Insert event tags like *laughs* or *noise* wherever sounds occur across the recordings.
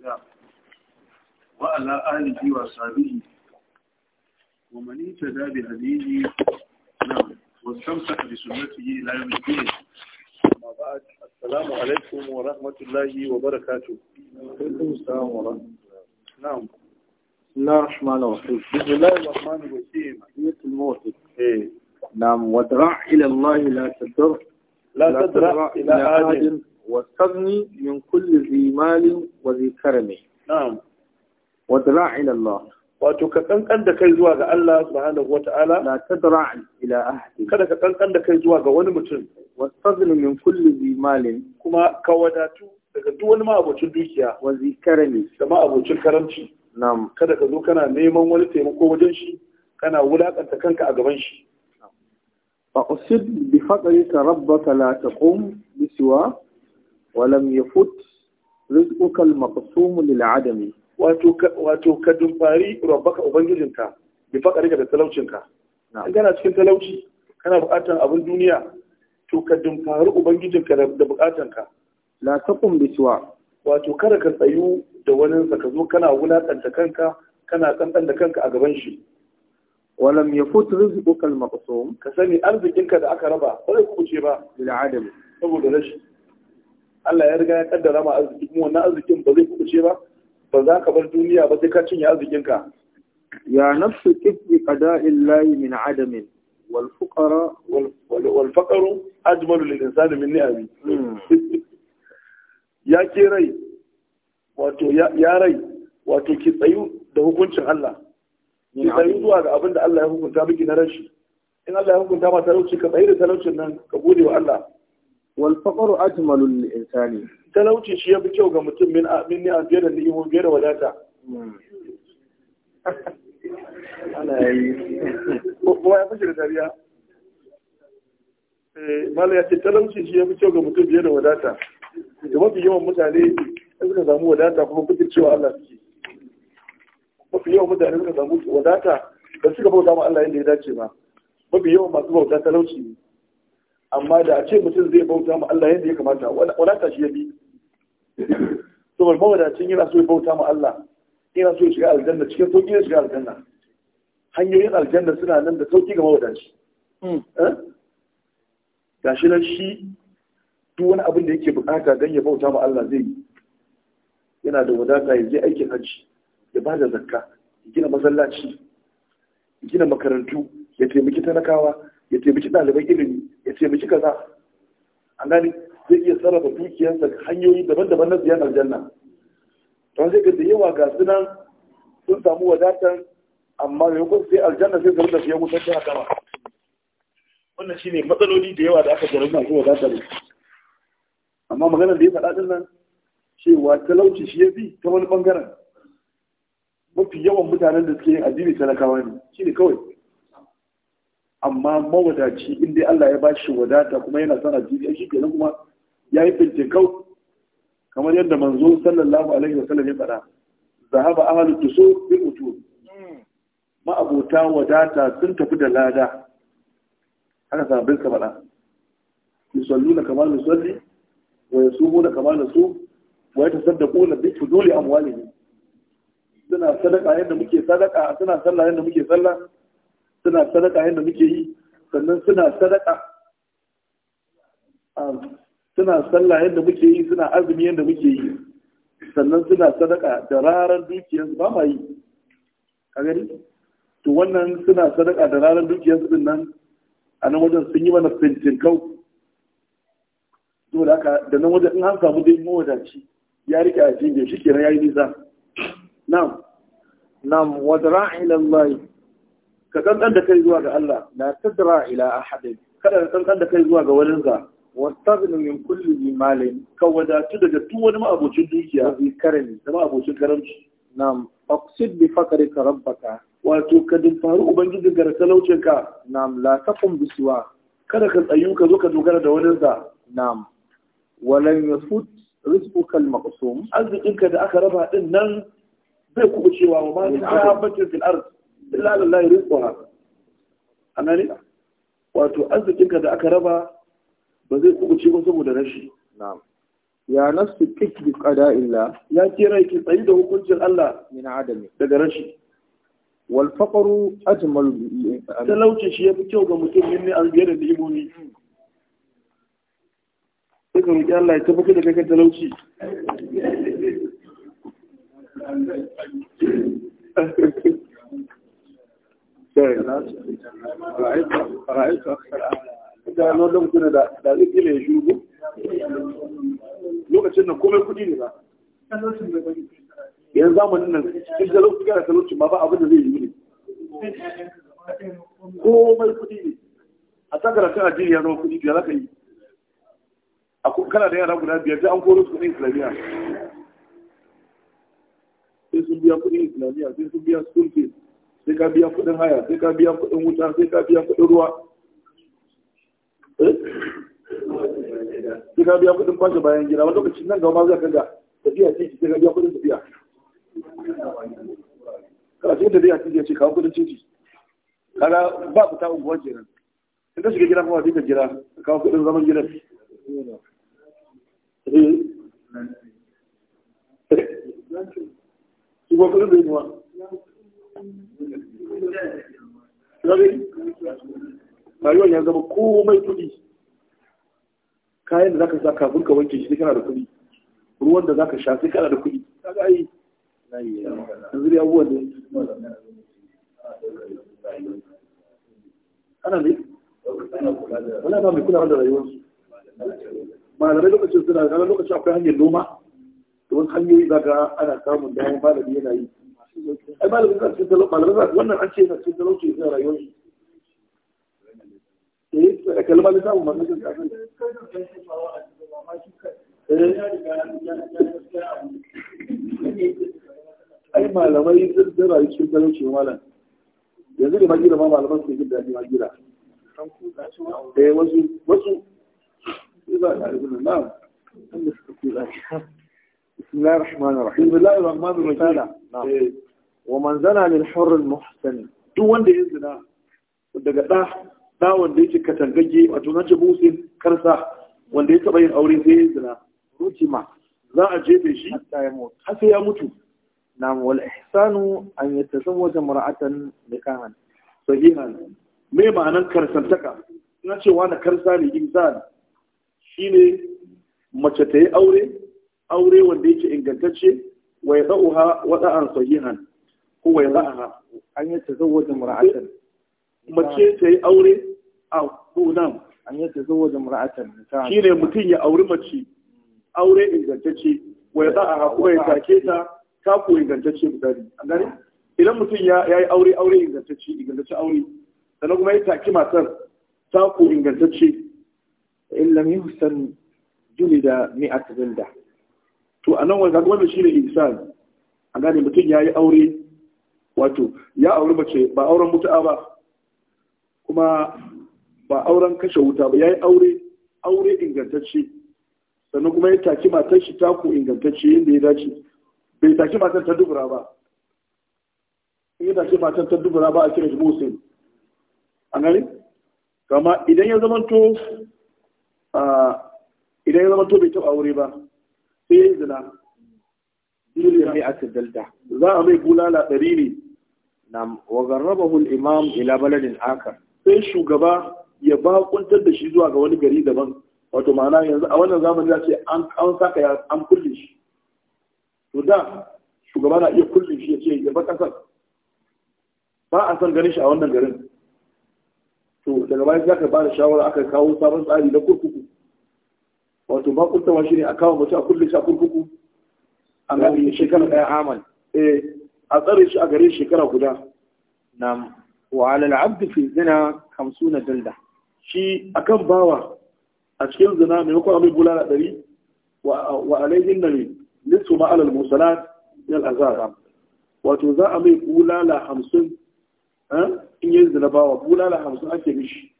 الله وعلى آله وصحبه ومن اهتدى بهديه نعم واستمسك بسنته لا يوم الدين أما بعد السلام عليكم ورحمة الله وبركاته وعليكم السلام ورحمة الله نعم بسم الله الرحمن الرحيم بسم الله الرحمن الرحيم حية الموت إيه نعم ودرع إلى الله لا تدر لا, لا تدرع إلى أحد واستغني من كل ذي مال وذي كرم نعم ودرع إلى الله wato ka kankan da kai zuwa ga Allah subhanahu wata'ala la tadra'a ila ahdi kada ka kankan da kai zuwa ga wani mutum wastazlim min kulli zi malin kuma ka wadatu daga duk wani ma'abocin dukiya wa zi karami da ma'abocin karamci na'am kada ka zo kana neman wani taimako wajen shi kana wulakanta kanka a gaban shi fa usid bi faqrika rabbaka la taqum bi siwa walam yafut rizquka al-maqsum lil adami wato wato ka dumfari rabbaka ubangijinka bi fakarika da talaucinka in kana cikin talauci kana buƙatar abin duniya to ka dumfari ubangijinka da buƙatanka la taqum biswa wato kada ka tsayu da wani ka zo kana wulaƙanta kanka kana tsantsan da kanka a gaban shi walam yafut rizquka al-maqsum ka sani arzikinka da aka raba ba zai kuce ba lil adami saboda rashin. Allah ya riga ya kaddara ma arziki kuma wannan arzikin ba zai kuce ba ba za ka bar duniya ba sai ka cinye arzikin ka ya nafsu kifli qada'illahi min adamin wal fuqara wal faqru ajmalu lil insani min ni'ami hmm. *laughs* ya ke rai wato ya rai wato ki tsayu da hukuncin Allah ki tsayu zuwa ga abin da Allah ya hukunta miki na rashi in Allah ya hukunta ma talauci ka tsayi da talaucin nan ka gode wa Allah wal faqru ajmalu lil insani talauci shi ya yafi kyau ga mutum min min ni amfiya da ni'imo biyar da wadata ana yi kuma ya fashe da dariya eh, mala ya ce talauci shi ya yafi kyau ga mutum biyar da wadata da mafi yawan mutane suka samu wadata kuma kuke cewa Allah mafi yawan mutane suka samu wadata ba suka bauta ma Allah yadda ya dace ba mafi yawan masu bauta talauci ne amma da a ce mutum zai bauta ma Allah yadda ya kamata ta shi ya bi saboda mawadacin yana so ya bauta ma Allah yana so ya shiga aljanna cikin sauƙi ya shiga aljanna hanyoyin aljanna suna nan da sauƙi ga mawadaci hmm. eh? ga shi nan shi duk wani abin da yake bukata don ya bauta ma Allah zai yi yana da wadata ya je aikin hajji ya ba da zakka ya gina masallaci ya gina makarantu ya taimaki talakawa ya taimaki ɗaliban ilimi ya ce miki kaza an gani zai iya sarrafa dukiyarsa hanyoyi daban-daban na ziyan aljanna don sai ga da yawa ga su nan sun samu wadatar amma da yakon sai aljanna sai zarar da fiye wutar ta kama wannan shi ne matsaloli da yawa da aka zarar masu wadatar amma maganar da ya faɗa din nan cewa talauci shi ya bi ta wani ɓangaren mafi yawan mutanen da suke yin addini talakawa ne shi ne kawai amma mawadaci in dai Allah ya ba shi wadata kuma yana son addini shi kenan kuma ya yi kau. kamar yadda manzo sallallahu alaihi wa sallam ya faɗa zahaba ahlu tusur bi utur ma'abota wadata sun tafi da lada haka sabbin ka faɗa na kamar yusalli wa na kamar yasum wa yatasaddaquna bi fuduli amwalihim suna sadaka yadda muke sadaka suna sallah yadda muke sallah suna sadaka yadda muke yi sannan suna sadaka um, suna sallah yadda muke yi suna azumi yadda muke yi sannan suna sadaka da rarar dukiyarsu ba ma yi a gani to wannan suna sadaka da rarar dukiyarsu din nan a nan wajen sun yi mana fintin kau saboda haka da nan wajen in an samu dai mawadaci ya rike a cikin shi kenan ya yi nisa na'am na'am wa dara'a ka kankan da kai zuwa ga Allah la tadra ila ahadin kada ka kankan da kai zuwa ga wani ka wastazinu min kulli imalin ka wadatu daga duk wani ma'abocin dukiya bi karami da ma'abocin karamci na'am faqsid bi fakrika rabbaka wato ka dinfaru ubangijin ka da talaucinka na'am la taqum bi siwa kada ka tsayu ka zo ka dogara da wani sa na'am walan yafut rizquka al-maqsum arzikinka da aka raba din nan zai kuɓucewa wa ma min dabatin fil ardh illa lillahi rizquha anani wato arzikinka da aka raba ba zai kubuce ba saboda rashi na'am ya nafsu bi qada illa ya kira ki tsayi da hukuncin Allah min adami daga rashi wal faqru ajmal eh, talauci shi yafi kyau ga mutum min ne albiya da limoni sai ka roki Allah ya tabbatar da kai talauci Thank *laughs* you. gano da da ya lokacin da komai ne ba yanzu zamanin nan cikin da lokacin da talauci ma ba abin da zai yi ne komai kudi ne a ta karatun addini ya kudi biyar aka yi a kana da yara guda biyar da an koro su kudin islamiyya sai sun biya kudin islamiyya sai sun biya school fees sai ka biya kuɗin haya sai ka biya kuɗin wuta sai ka biya kuɗin ruwa eh? sai ka biya kuɗin kwashe bayan gida wani lokaci nan gaba zai ka ga tafiya titi sai ka biya kuɗin tafiya kana cikin tafiya titi ya ce kawo kudin titi kaga ba fita unguwar kenan in ka shiga gida kuma sai ka jira ka kawo kudin zaman gidan eh? eh? Shi bai kuɗin wa. rayuwar ya zama komai kuɗi kayan da za ka sa kafin ka wanke shi sai kana da kuɗi ruwan da za ka sha sai kana da kuɗi kaga ai yanzu da abubuwan da ana ne wani ba mai kulawa da su. malamai lokacin suna da lokacin akwai hanyar noma da wasu hanyoyi za ga ana samun damar malami yana yi ai malamin ka cikin malamin wannan an ce cikin talauci zai rayuwar shi eh da samu eh. ai malamai cikin malam yanzu ne magira ma malaman su jin daɗi magira eh wasu wasu ba a na'am suka kula wa manzana zana min hurrul muhsan duk wanda ya zina daga da da wanda yake katangage, a tunan ce musin karsa wanda ya taba yin aure sai ya zina rutima za a jefe shi har sai ya mutu nam wal ihsanu an yatazawwaja mar'atan nikahan sahihan me ma'anan karsantaka na cewa na karsa ne shi shine mace ta yi aure aure wanda yake ingantacce wa yadauha da'uha wada'an sahihan kowai za a an yi ta zawajen mura'atan mace ta yi aure a kunan an yi ta zawajen mura'atan shi ne mutum ya auri mace aure ingantacce wai za a kuma ya take ta ku ingantacce misali an gani idan mutum ya yi aure aure ingantacce ingantacce aure sannan kuma ya taki matar ku ingantacce in lam yuhsan julida mi'at zalda to anan wanda shi ne ihsan a gane mutum ya yi aure wato ya auri mace ba auren mutu'a ba kuma ba auren kashe wuta ba ya yi aure aure ingantacce sannan kuma ya taki matar shi taku ingantacce yadda ya dace bai taki matar ta dubura ba in ya taki matar ta dubura ba a kira shi musin a gani kama idan ya zamanto idan ya zamanto bai taɓa aure ba sai ya yi zina Dole mai a dalda. Za a mai bulala ɗari ne nam wa garrabahu al-imam ila baladin akar sai shugaba ya kuntar da shi zuwa ga wani gari daban wato ma'ana yanzu a wannan zamani za ce an an saka ya an kulle shi to da shugaba na iya kulle shi ya ce ya bar kasar ba a san ganin shi a wannan garin to daga baya za ka ba da shawara aka kawo sabon tsari na kurkuku wato kuntawa shi ne a kawo mutum a kulle shi a kurkuku an gani shekara daya amal eh a tsare shi a gare shekara guda na wa abdu fi zina na dalda shi akan bawa a cikin zina maimakon abin bulala ɗari wa alaihin na ne nisu ma'alal musala yal al'azara wato za a mai bulala hamsin eh, in yi zina bawa bulala hamsin ake mishi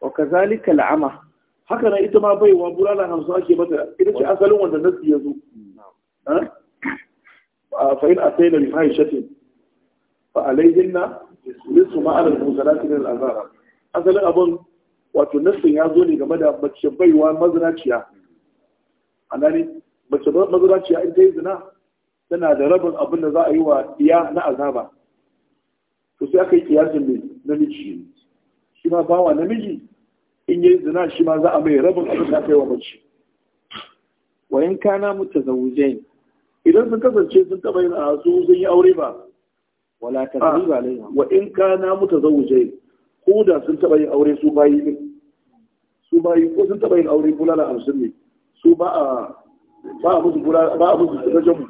wa kazalika la'ama haka na ita ma baiwa bulala hamsin ake mata ita ce asalin wanda nasi ya zo فإن أتينا بفاحشة فعليهن نصف ما على المحصنات من العذاب أصل أبن wato nassin ya zo ne game da mace baiwa mazinaciya a nan mace mazinaciya in ta yi zina tana da rabin abin da za a yi wa iya na azaba to sai aka yi kiyasin mai namiji shi ma bawa namiji in yi zina shi ma za a mai rabin abin da aka yi wa mace wa in kana mutazawujain idan sun kasance sun taba yin a su sun yi aure ba wala takriba ah, alaiha wa in kana mutazawwijai ko da sun taba yin aure su bayi ne su bayi ko sun taba yin aure kula da ne su ba a ba a musu kula ba a musu sadajan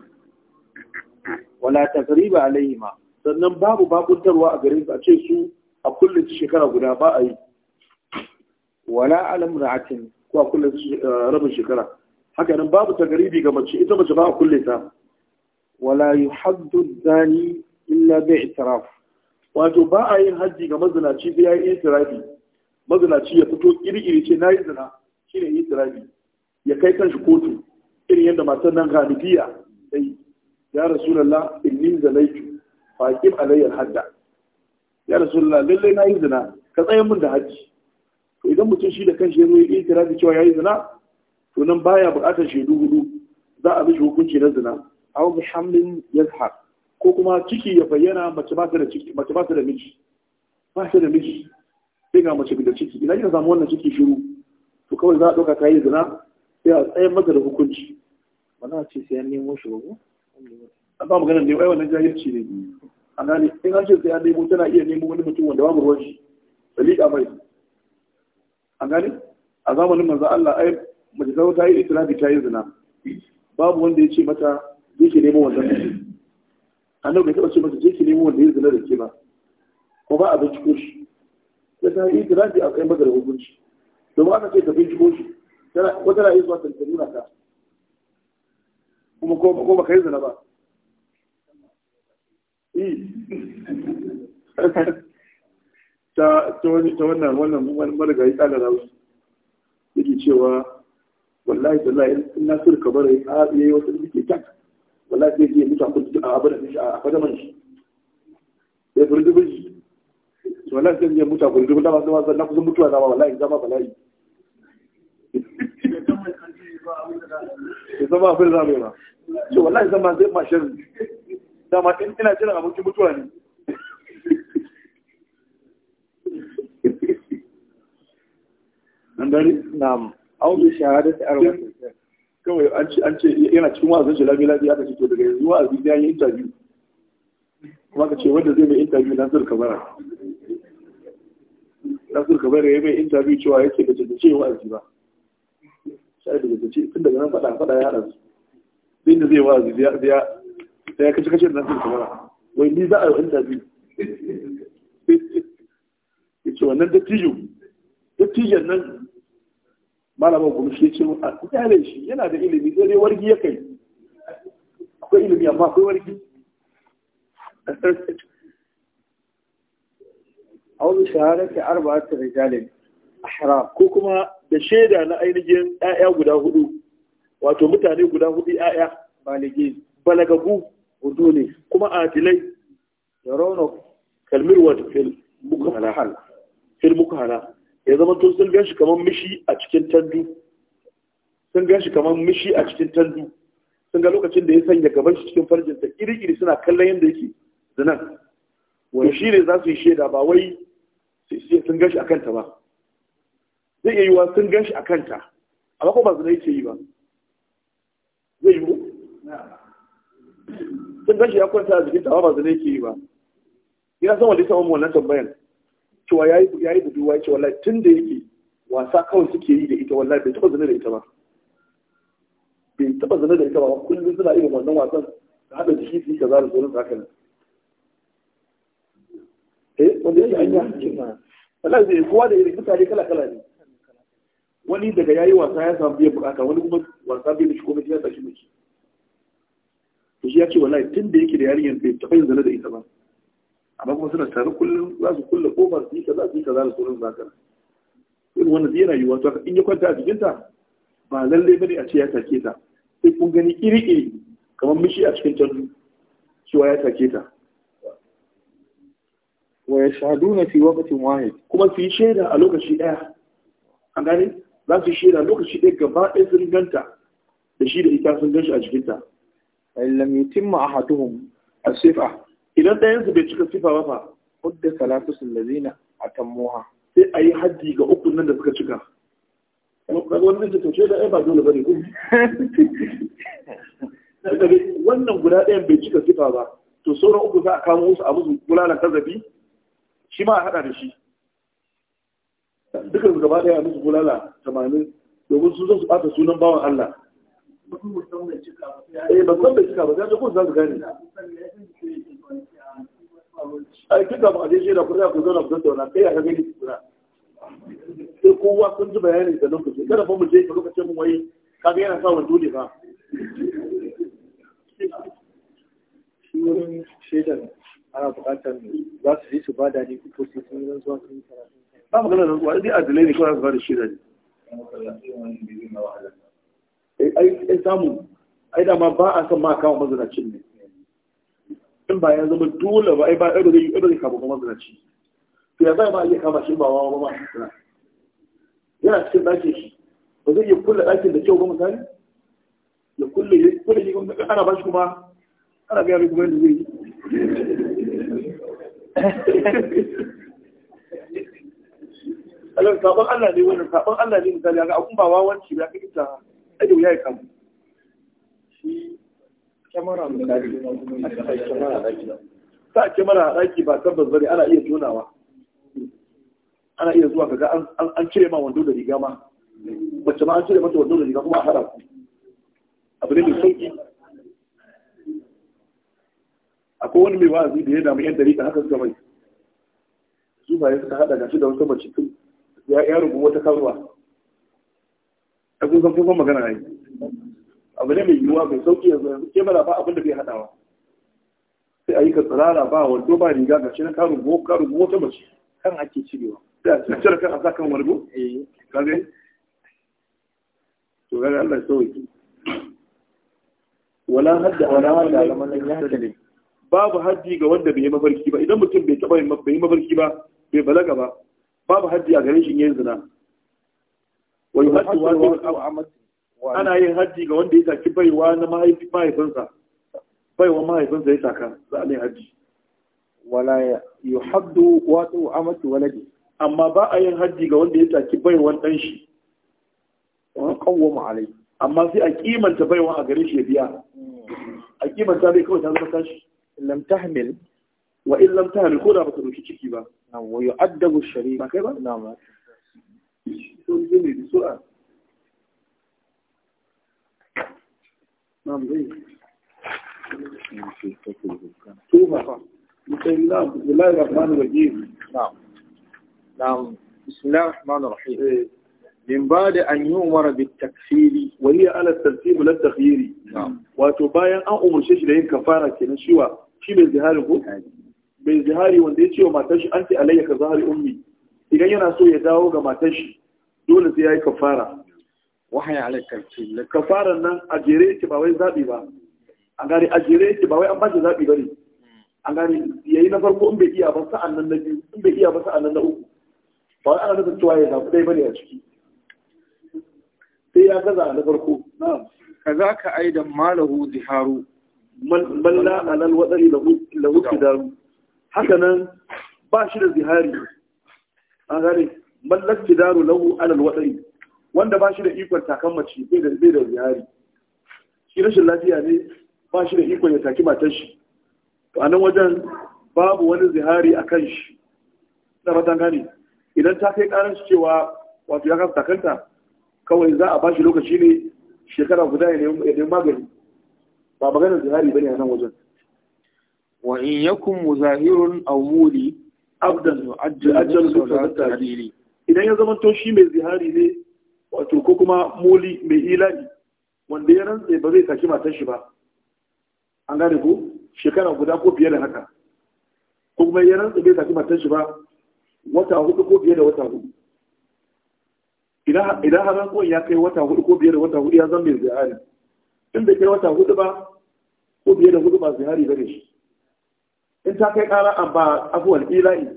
wala takriba alaihima sannan babu bakuntarwa a garin a ce su a kullum shekara guda ba a yi wala alam ko a kullum eh, rabin shekara haka nan babu tagaribi ga mace ita mace ba a kulle ta wala yuhaddu zani illa bi itiraf wato ba a yin haji ga mazinaci sai yayi itirafi mazinaci ya fito kirkiri ce nayi zina shine itirafi ya kai kanshi kotu irin yadda matan nan Hanifiya sai ya rasulullah inni zalaitu faqim alayya hadda ya rasulullah lalle nayi zina ka tsaya mun da haji to idan mutum shi da kanshi ya zo ya itirafi cewa yayi zina to baya buƙatar shaidu hudu za a mishi hukunci na zina aw bi hamlin yazhar ko kuma ciki ya bayyana mace ba ta da ciki mace ba ta da miji ba ta da miji sai ga mace da ciki ina kika samu wannan ciki shiru to kawai za a ɗauka ta yi zina sai a tsayar mata da hukunci ba za a ce sai an nemo shi ba ko an ba maganar nemo ai wannan jahilci ne a gane in an ce sai an nemo tana iya nemo wani mutum wanda babu ruwan shi dalika mai a gane a zamanin manzo Allah ai mace ta ta yi itirafi ta yi zina babu wanda ya ce mata zai ke nemo wanda mace annabi bai taɓa ce mata je ke nemo wanda ya zina da ke ba ko ba a binciko shi Ya ta yi itirafi a kai mata da hukunci domin aka ce ka binciko shi wata na yi zuwa ta nuna ka kuma ko ba ka yi zina ba eh. *laughs* ta wannan wannan marigayi tsada na yake cewa wallahi wallahi in na ka kabara ya yi wasu suke can wallahi sai ji mutu a a abin shi a fadaman shi ya furdu biji to wallahi sai ji mutu a da masu masu na kusan mutuwa na wallahi zama bala'i ya zama abin da zama to wallahi zama zai ma shirin dama in ina jiran abokin mutuwa ne an dare mu. au bi shahadati arba'in kawai an ce an ce yana cikin wa'azin jalabi lafiya aka ce to daga yanzu wa'azi ya yi interview kuma ka ce wanda zai mai interview na zurka bara na zurka bara ya mai interview cewa yake da ce wa'azi ba sai da ce tun daga nan fada fada ya haɗa su din da zai wa'azi sai ya kace kace na zurka bara wai ni za a yi interview *laughs* ce wannan dattijo dattijan nan malamin gumi shi ce a kudare shi yana da ilimi zai wargi ya kai akwai ilimi amma akwai wargi a wani shaharar ke ta rijalin hara. ko kuma da shaida na ainihin ƴaƴa guda hudu wato mutane guda hudu ƴaƴa. balage balagabu hudu ne kuma a tilai da raunok kalmir wata fil mukhala ya zama tun sun ganshi kamar mishi a cikin tandu sun shi kamar mishi a cikin tandu sun ga lokacin da ya sanya gaban shi cikin farjinta iri-iri suna kallon yadda yake zinan wani shi ne za su yi shaida ba wai sun ganshi a kanta ba zai iya yiwuwa sun ganshi a kanta amma ko ba zina yake yi ba zai yiwu sun ganshi ya kwanta a jikinta ta ba zina yake yi ba ina son wanda ya samu wannan tambayan cewa ya yi budurwa ya ce wallahi tun da yake wasa kawai suke yi da ita wallahi bai taɓa zane da ita ba bai taɓa zane da ita ba kullum suna iya wannan wasan da haɗa jiki su yi kaza da tsoron haka nan eh wanda yake yi hakikin wallahi zai kowa da irin mutane kala kala ne wani daga yayi wasa ya samu biyan bukata wani kuma wasa bai da shi komai ya tashi miki to shi ya ce wallahi tun da yake da yarinyar bai taɓa yin zane da ita ba amma kuma suna tare kullum za su kulle kofar su yi kaza su yi kaza da sauran zakar irin wannan yana yiwuwa to in ya kwanta a jikinta ba lalle bane a ce ya take ta sai kun gani iri iri kamar mishi a cikin tandu cewa ya take ta wa ya na fi wakatin wahid kuma su yi shaida a lokaci daya an gane za su yi shaida lokaci daya gaba ɗaya sun ganta da shi da ita sun ganshi a jikinta a yutimma a sefa idan ɗayansu bai cika sifa ba fa hudda salatusun da zina a tammuha sai a yi haddi ga uku nan da suka cika wani zai tace da ai ba dole bane wannan guda ɗayan bai cika sifa ba to sauran uku za a kama musu a musu bulalan kazafi shi ma a haɗa da shi dukkan gaba ɗaya a musu bulala tamanin domin su zo su ɓata sunan bawan Allah eh ba san bai cika ba sai ko za su gane tun da ba je da kuma ku zauna ku tattauna kai ya ga gani kuna sai kowa kun ji bayani da lokaci kada fa mu je ka lokacin mu wai kaga yana sa wando ne ba shi wurin shaidan ana buƙatar za su je su ba da ne ko su sun yi zuwa sun yi karatu ba magana da zuwa dai adalai ne kawai su ba da shaida ne eh, ai ai samu ai da ma ba a san ma kawo mazalacin ne in ba ya zama dole ba ai ba ido zai ido zai kama kuma zinaci to ya zai ma iya kama shi ba wawa ba ma zina yana cikin ɗakin shi ba zai iya kulle ɗakin da kyau ba misali ya kulle ya kulle shi kuma ana ba shi kuma ana ga yaro kuma yadda zai yi Allah sabon Allah ne wannan sabon Allah ne misali ga abun ba wawanci ba kike ta ai da wuya ya kamu kyamara misali sa kyamara a ɗaki ba tabbas bane ana iya tonawa ana iya zuwa kaga an cire ma wando da riga ma wacce ma an cire mata wando da riga kuma a hada ku abu ne mai sauki akwai wani mai wa'azi da ya damu yan dari haka suka mai su ba ya suka hada gashi da wasu mace ya rubu wata karuwa a kusan kusan magana ne abu ne mai yiwuwa mai sauki yanzu yanzu ke bala ba abin da bai hadawa sai a yi ka tsirara ba wando ba riga ga shi na karin go karin go mace kan ake cirewa sai a cikin kan a sa kan wargo eh kare. to ga Allah ya sauki wala hadda wala hadda lamanin ya hadda babu haddi ga wanda bai yi mafarki ba idan mutum bai taba bai yi mafarki ba bai balaga ba babu haddi a garin shi yin zina wa yuhaddu wa yu'amad ana yin hajji ga wanda ya saki baiwa na mahaifinsa baiwa mahaifinsa ya saka za a yi hajji wala yuhaddu watu amatu walade. amma ba a yin hajji ga wanda ya saki baiwa ɗan shi wani kawo alai amma sai a kimanta baiwa a gare shi ya biya a kimanta bai kawai ta zama tashi lam tahmil wa in lam tahmil ko da ta dauki ciki ba Na wayo addabu shari'a ba kai ba na'am so ne da su'a نعم زي توبة بسم الله بسم الله الرحمن الرحيم نعم نعم بسم الله الرحمن الرحيم من بعد أن يؤمر بالتكفير وهي على الترتيب لا التخيير نعم وتباين أن أمر شيء لين كفارة كنا شوى شيء بالزهار هو بالزهار وانده شيء وما تشي أنت علي كظهر أمي إذا ينا سوى يداوغ ما تشي دون زياء كفارة wahaya alakarci da kafaran nan a jere yake ba wai zaɓi ba A gane a jere yake ba wai an bashi zaɓi ba ne gari gane yi na farko in bai iya ba sa'an nan na biyu in bai iya ba sa'an nan na uku ba wai ana nufin cewa ya zaɓi ɗaya ba ne a ciki sai ya gaza na farko ka za ka da malahu ziharu malla alal waɗari da wuce daru haka nan ba shi da zihari gari gane ki daru lahu alal waɗari wanda ba shi da ikon takan mace bai da bai da ziyari shi rashin lafiya ne ba shi da ikon ya taki matar shi to a wajen babu wani zihari a kan shi na fatan gani idan ta kai karanci cewa wato ya kasa takanta kawai za a ba shi lokaci ne shekara guda ya nemi magani ba maganar zihari bane a nan wajen wa in yakun muzahirun aw muli abdan yu'ajjalu idan ya zama to shi mai zihari ne wato ko kuma moli mai ilani wanda ya rantse ba zai saki matan shi ba an gane ku shekara guda ko fiye da haka ko kuma ya rantse bai saki matan shi ba wata hudu ko fiye da wata hudu idan har rantsuwan ya kai wata hudu ko fiye da wata hudu ya zama mai ziyari in bai kai wata hudu ba ko fiye da hudu ba ziyari gare shi in ta kai kara a ba abuwan ilani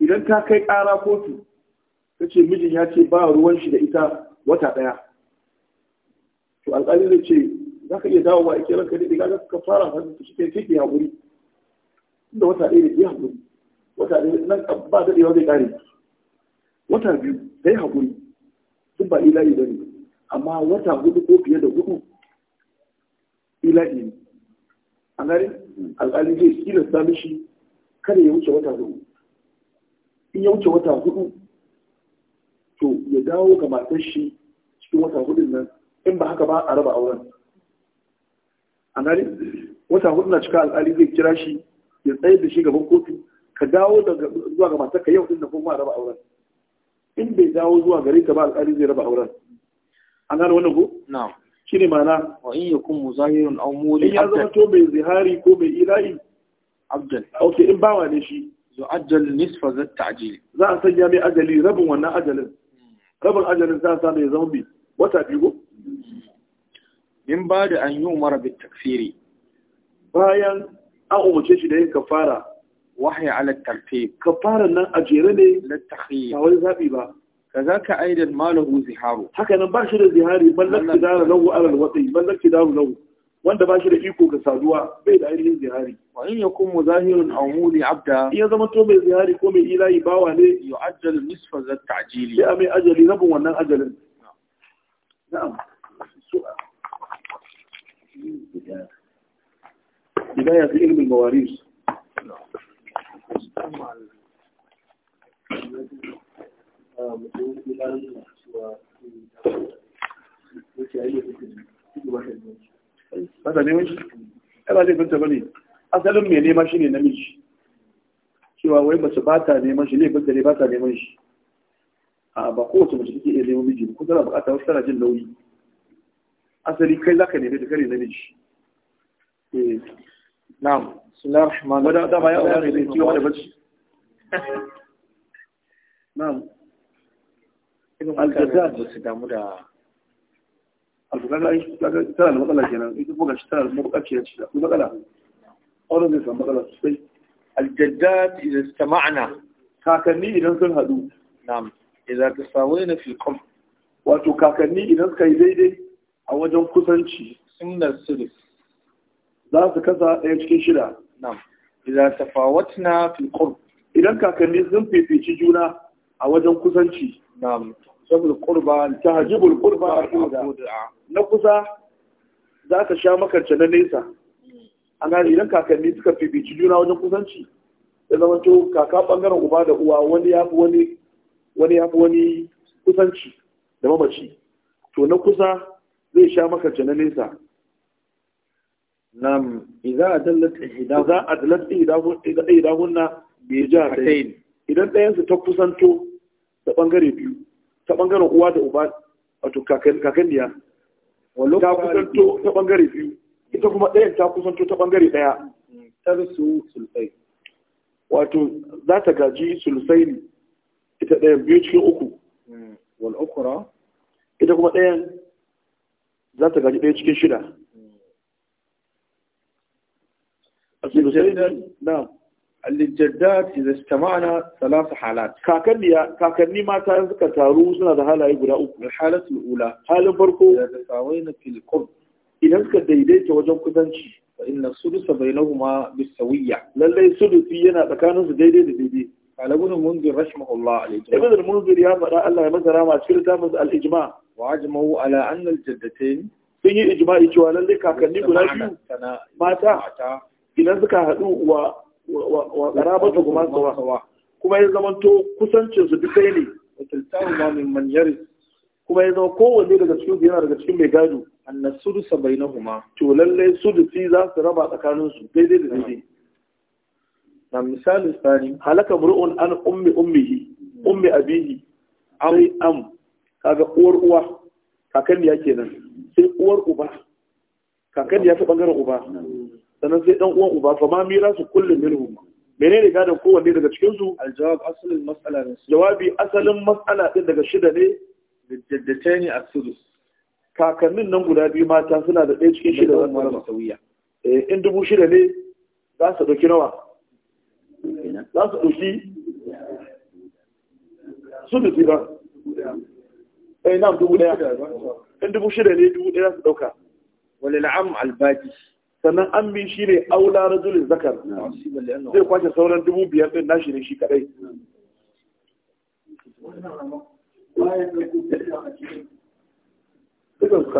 idan ta kai kara kotu ta ce mijin ya ce ba ruwan shi da ita wata ɗaya to alƙali zai ce za ka iya dawowa a kiran ka daidai kaga ka fara ka shi kai kike haƙuri inda wata ɗaya da ya haƙuri wata ɗaya nan ba daɗewa zai ƙare wata biyu ka yi haƙuri duk ba ila'i ba ne amma wata hudu ko fiye da hudu ila'i ne a gari alƙali zai tilasta mishi kada ya wuce wata hudu in ya wuce wata hudu ya dawo ga matar shi cikin wata hudun nan in ba haka ba a raba auren a gani wata hudun na cika alƙali zai kira shi ya tsayar da shi gaban kotu ka dawo zuwa ga matar ka yau din da kuma a raba auren in bai dawo zuwa gare ka ba alƙali zai raba auren an gane wannan ko na'am shine ma'ana wa in yakun muzahirun aw muli in ya zama to mai zihari ko mai ilahi abdan okay in bawa ne shi yu'ajjal nisfa zat ta'jil za a sanya mai ajali rabin wannan ajalin rabin ajalin za a samu ya zama bi wata biyu in ba da an yi umar bi takfiri bayan an umarce shi da yin kafara wahaya ala tartib kafaran nan a jere ne na takhir ba wani zaɓi ba za ka aidan malahu ziharu haka nan ba shi da zihari ballak kidaru lahu ala alwati ballak kidaru lahu wanda ba shi da iko ga saduwa bai da ainihin zihari wa in yakun muzahirun aw muli abda iya zama to mai zihari ko mai ilahi wa ne ya yu'ajjalu nisfa zat ta'jili ya mai ajali rabin wannan ajalin na'am بداية في علم المواريث نعم ba ta neman shi ai ba zai binta ba ne asalin mai nema shi ne namiji cewa wai masu ba ta neman shi laifinta ne ba ta neman shi a ba kowace mace take iya neman miji ko tana bukata wasu tana jin nauyi asali kai za ka nemi da kare namiji eh. na'am bismillahir rahmanir rahim da ba ya aure ne ciwo *laughs* da bacci na'am ibn al-jazzar ba su damu da abu kaga tana da matsala kenan ita kuma gashi tana da mabukaciya ce da matsala auren zai samu matsala sosai aljaddat idan ta ma'ana kakanni idan sun haɗu na'am idan ta samu na filkom wato kakanni idan suka yi daidai a wajen kusanci sunnar sulus za su kasa ɗaya cikin shida na'am idan ta fawatna filkom idan kakanni sun fifici juna a wajen kusanci na'am sabul qurba na kusa za ka sha makarci na nesa a gane idan kakanni suka fifici juna wajen kusanci ya zama to kaka bangaren uba da uwa wani ya fi wani wani ya fi wani kusanci da mamaci to na kusa zai sha makarci na nesa nam idan a ihdahu idan adallat ihdahu idan ɗayansu ta kusanto da bangare biyu ta bangaren uwa da uba wato kakanniya ta kusanto ta bangare biyu ita kuma ɗayan ta kusanto ta bangare ɗaya tarsu sulsai wato za ta gaji sulsai ne ita ɗayan biyu cikin uku hmm. wal ukra ita kuma ɗayan za ta gaji ɗaya cikin shida a sulsai na للجدات إذا استمعنا ثلاث حالات كاكني كاكني ما تعرفك كتاروز هذا هلا يقول أوك الحالة الأولى حالة بركو إذا تساوينا في القرب إذا كديديت وجم كذنشي فإن السدس بينهما بالسوية للي السدس ينا تكانوا ديديت ديديت على ابن المنذر رحمه الله عليه ابن المنذر يا مرأة الله مثلا ما تشير تامز الإجماع وعجمه على أن الجدتين في إجماع ijma'i cewa lallai kakanni guda biyu mata idan suka wa kuma ya zama to kusancin su duk ne mutuntahu ma min man kuma ya zama kowanne daga cikin yana daga cikin mai gado annas sabaina huma to lalle fi za su raba tsakanin su daidai da daidai na misali tsari halaka mur'un an ummi ummihi ummi abihi am am kaga uwar uwa kakan ya kenan sai uwar uba kakan ya ta bangaren uba sannan sai dan uwan uba fa ma mira su kullum mu. menene gadon kowanne daga cikin su aljawab asalin mas'ala ne jawabi asalin mas'ala din daga shida ne da as-sudus kakannin nan guda biyu mata suna da ɗaya cikin shida zan raba sauya eh in dubu shida ne za su ɗauki nawa za su ɗauki sudusi ba eh na dubu ɗaya in dubu shida ne dubu ɗaya za su ɗauka walil am albaji sannan an bi shi ne aula rajulin zakar zai kwace sauran dubu biyar din nashi ne shi kadai da su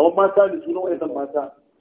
wa'yan mata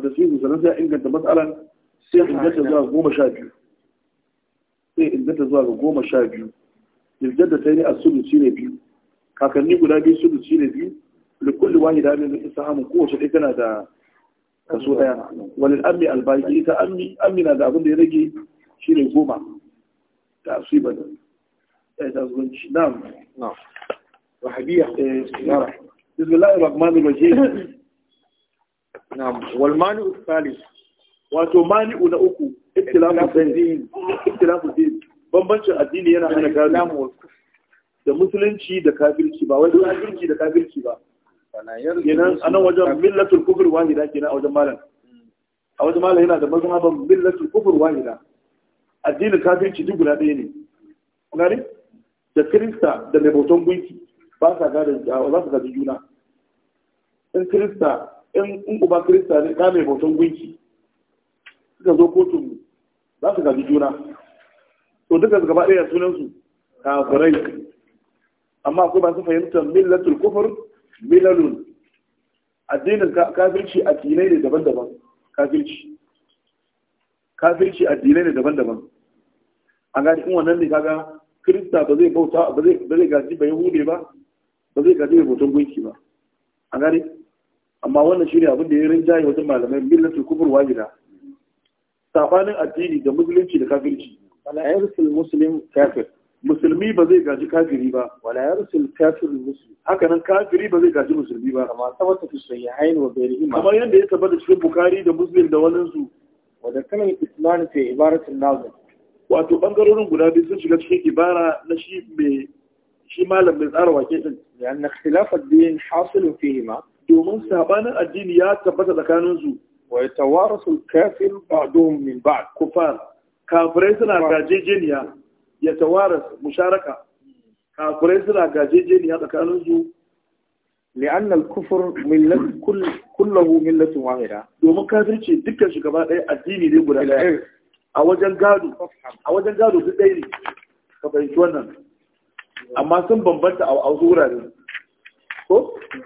fata su yi sannan sai inganta matsalan sai inganta zuwa goma sha biyu sai inganta zuwa goma sha biyu da ta yi a sulusi ne biyu kakanni guda biyu sulusi ne biyu likulli wahida min isa hamun kowace ɗaya tana da kaso ɗaya walil ammi albaki ita ammi na da abin ya rage shi ne goma ta eh, *coughs* na'am wal mani'u salis wato mani'u na uku ittilafu din bambancin addini yana hana gado da musulunci da kafirci ba wani kafirci da kafirci ba kenan nan wajen millatul kufur wahida kenan a wajen malam a wajen malam yana da mazhaban millatul kufur wahida addinin kafirci duk guda ɗaya ne gani da kirista da mai bautan gunki ba sa gada za su gaji juna in kirista in uba kirista ne ka mai bautan gunki suka zo kotun za su gaji juna to duka gaba ɗaya sunansu kafirai amma akwai masu fahimtar millatul kufur milalun addinin kafirci addinai ne daban-daban kafirci kafirci addinai ne daban-daban a gani in wannan ne kaga kirista ba zai bauta ba zai gaji ba yahude ba ba zai gaji mai bautan gunki ba a gani amma wannan shi ne abin da ya rinjaye wajen malamai millatul kufur wajida sabanin addini da musulunci da kafirci wala yarsul muslim kafir musulmi ba zai gaji kafiri ba wala yarsul kafir muslim haka nan kafiri ba zai gaji musulmi ba amma sabata fi sahihain wa ghairihim kamar yanda ya tabbata cikin bukhari da muslim da wannan su wa da kalmar islam fi ibaratin nazim wato bangarorin guda biyu sun shiga cikin ibara na shi mai shi malam mai tsara wake din ya na khilafat din hasilun fihima domin sabanin addini ya tabbata tsakaninsu wa ya sun kafin ba'dum min ba. kufar kafirai suna gajejeniya ya su musharaka kafirai suna gajejeniya tsakaninsu لأن الكفر ملة كل كله ملة واحدة domin kafirci dukkan shi gaba ɗaya addini ne guda ɗaya a wajen gado a wajen gado su ɗaya ne ka fahimci wannan amma sun bambanta a wasu wurare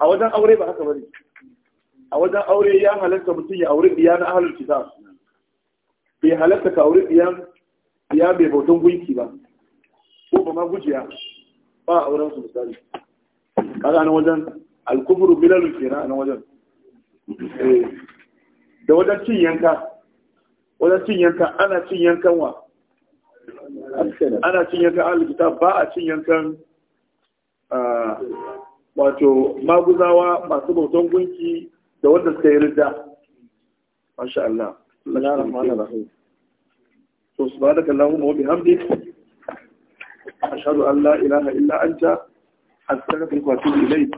a wajen aure ba haka bane a wajen aure ya halatta mutum ya aure diya na ahlul cuta. bai halatta ka aure diya ya bai bautan gunki ba ko ba ma gujiya ba auren su misali kaga na wajen alkufru bilalun kenan na wajen eh, da wajen cin yanka wajen cin yanka ana cin yankan wa ana cin yankan cuta ba a cin yankan ah, wato maguzawa masu bautan gunki da wanda suka yi rida. masha Allah Allah rahmanir rahim to subhanaka allahumma wa bihamdik ashhadu an la ilaha illa anta a wa kwatu ilai.